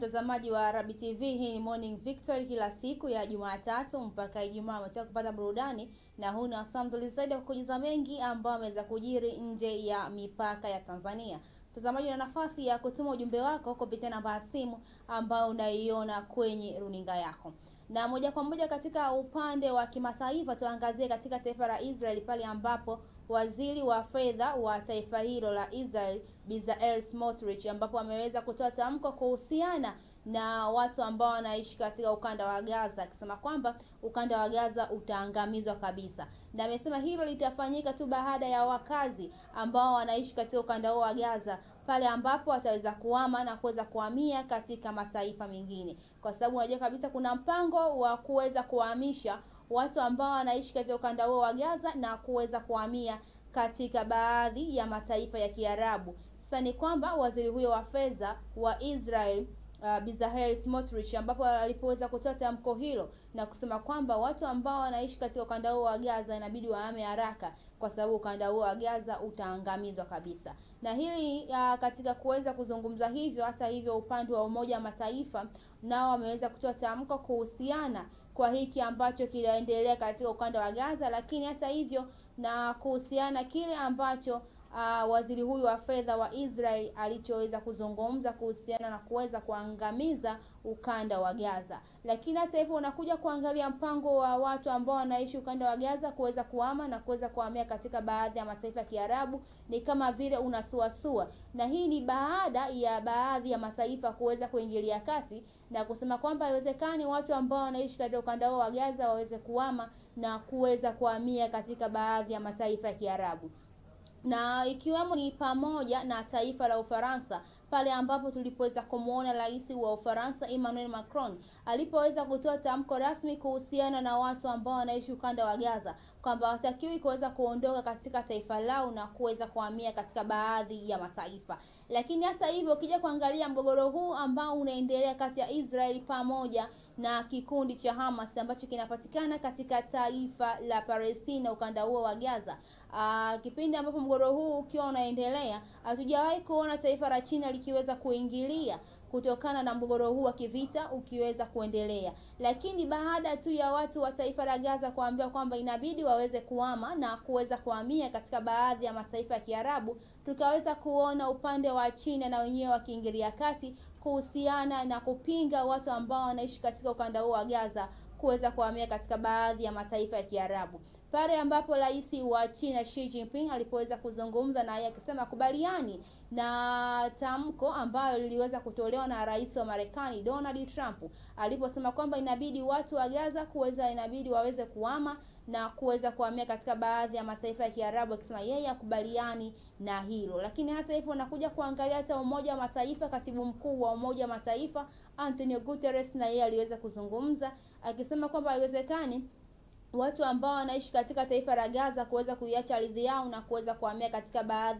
Mtazamaji wa Arabi TV, hii ni Morning Victory kila siku ya Jumatatu mpaka Ijumaa. Umetaka kupata burudani na huu ni wasamzuli zaidi wa kujuza mengi ambayo ameweza kujiri nje ya mipaka ya Tanzania. Mtazamaji, una nafasi ya kutuma ujumbe wako kupitia namba ya simu ambayo unaiona kwenye runinga yako. Na moja kwa moja katika upande wa kimataifa, tuangazie katika taifa la Israeli pale ambapo waziri wa fedha wa taifa hilo la Israel Bezalel Smotrich, ambapo ameweza kutoa tamko kuhusiana na watu ambao wanaishi katika ukanda wa Gaza, akisema kwamba ukanda wa Gaza utaangamizwa kabisa, na amesema hilo litafanyika tu baada ya wakazi ambao wanaishi katika ukanda huo wa Gaza pale ambapo wataweza kuhama na kuweza kuhamia katika mataifa mengine, kwa sababu unajua kabisa kuna mpango wa kuweza kuhamisha watu ambao wanaishi katika ukanda huo wa Gaza na kuweza kuhamia katika baadhi ya mataifa ya Kiarabu. Sasa ni kwamba waziri huyo wa fedha wa Israel uh, Bizaheri Smotrich ambapo alipoweza kutoa tamko hilo na kusema kwamba watu ambao wanaishi katika ukanda huo wa Gaza inabidi wahame haraka kwa sababu ukanda huo wa Gaza utaangamizwa kabisa. Na hili uh, katika kuweza kuzungumza hivyo, hata hivyo, upande wa Umoja wa Mataifa nao wameweza kutoa tamko kuhusiana kwa hiki ambacho kinaendelea katika ukanda wa Gaza, lakini hata hivyo na kuhusiana kile ambacho uh, waziri huyu wa fedha wa Israel alichoweza kuzungumza kuhusiana na kuweza kuangamiza ukanda wa Gaza. Lakini hata hivyo unakuja kuangalia mpango wa watu ambao wanaishi ukanda wa Gaza kuweza kuhama na kuweza kuhamia katika baadhi ya mataifa ya Kiarabu ni kama vile unasuasua, na hii ni baada ya baadhi ya mataifa kuweza kuingilia kati na kusema kwamba haiwezekani watu ambao wanaishi katika ukanda huo wa Gaza waweze kuhama na kuweza kuhamia katika baadhi ya mataifa ya Kiarabu na ikiwemo ni pamoja na taifa la Ufaransa pale ambapo tulipoweza kumwona rais wa Ufaransa Emmanuel Macron alipoweza kutoa tamko rasmi kuhusiana na watu ambao wanaishi ukanda wa Gaza kwamba watakiwi kuweza kuondoka katika taifa lao na kuweza kuhamia katika baadhi ya mataifa. Lakini hata hivyo, ukija kuangalia mgogoro huu ambao unaendelea kati ya Israeli pamoja na kikundi cha Hamas ambacho kinapatikana katika taifa la Palestina, ukanda huo wa Gaza, aa, kipindi ambapo mgogoro huu ukiwa unaendelea, hatujawahi kuona taifa la China likiweza kuingilia kutokana na mgogoro huu wa kivita ukiweza kuendelea. Lakini baada tu ya watu wa taifa la Gaza kuambiwa kwamba inabidi waweze kuhama na kuweza kuhamia katika baadhi ya mataifa ya Kiarabu, tukaweza kuona upande wa China na wenyewe wakiingilia kati kuhusiana na kupinga watu ambao wanaishi katika ukanda huo wa Gaza kuweza kuhamia katika baadhi ya mataifa ya Kiarabu pale ambapo rais wa China Xi Jinping alipoweza kuzungumza na yeye akisema kubaliani na tamko ambalo liliweza kutolewa na rais wa Marekani Donald Trump aliposema kwamba inabidi watu wa Gaza kuweza inabidi waweze kuhama na kuweza kuhamia katika baadhi ya mataifa ya Kiarabu, akisema yeye akubaliani na hilo. Lakini hata hivyo, nakuja kuangalia hata Umoja wa Mataifa, katibu mkuu wa Umoja wa Mataifa Antonio Guterres na yeye aliweza kuzungumza akisema kwamba haiwezekani watu ambao wanaishi katika taifa la Gaza kuweza kuiacha ardhi yao na kuweza kuhamia katika baadhi